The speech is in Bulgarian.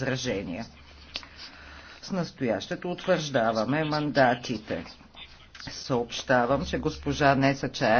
възражения. С настоящето утвърждаваме мандатите. Съобщавам, че госпожа Неса Чая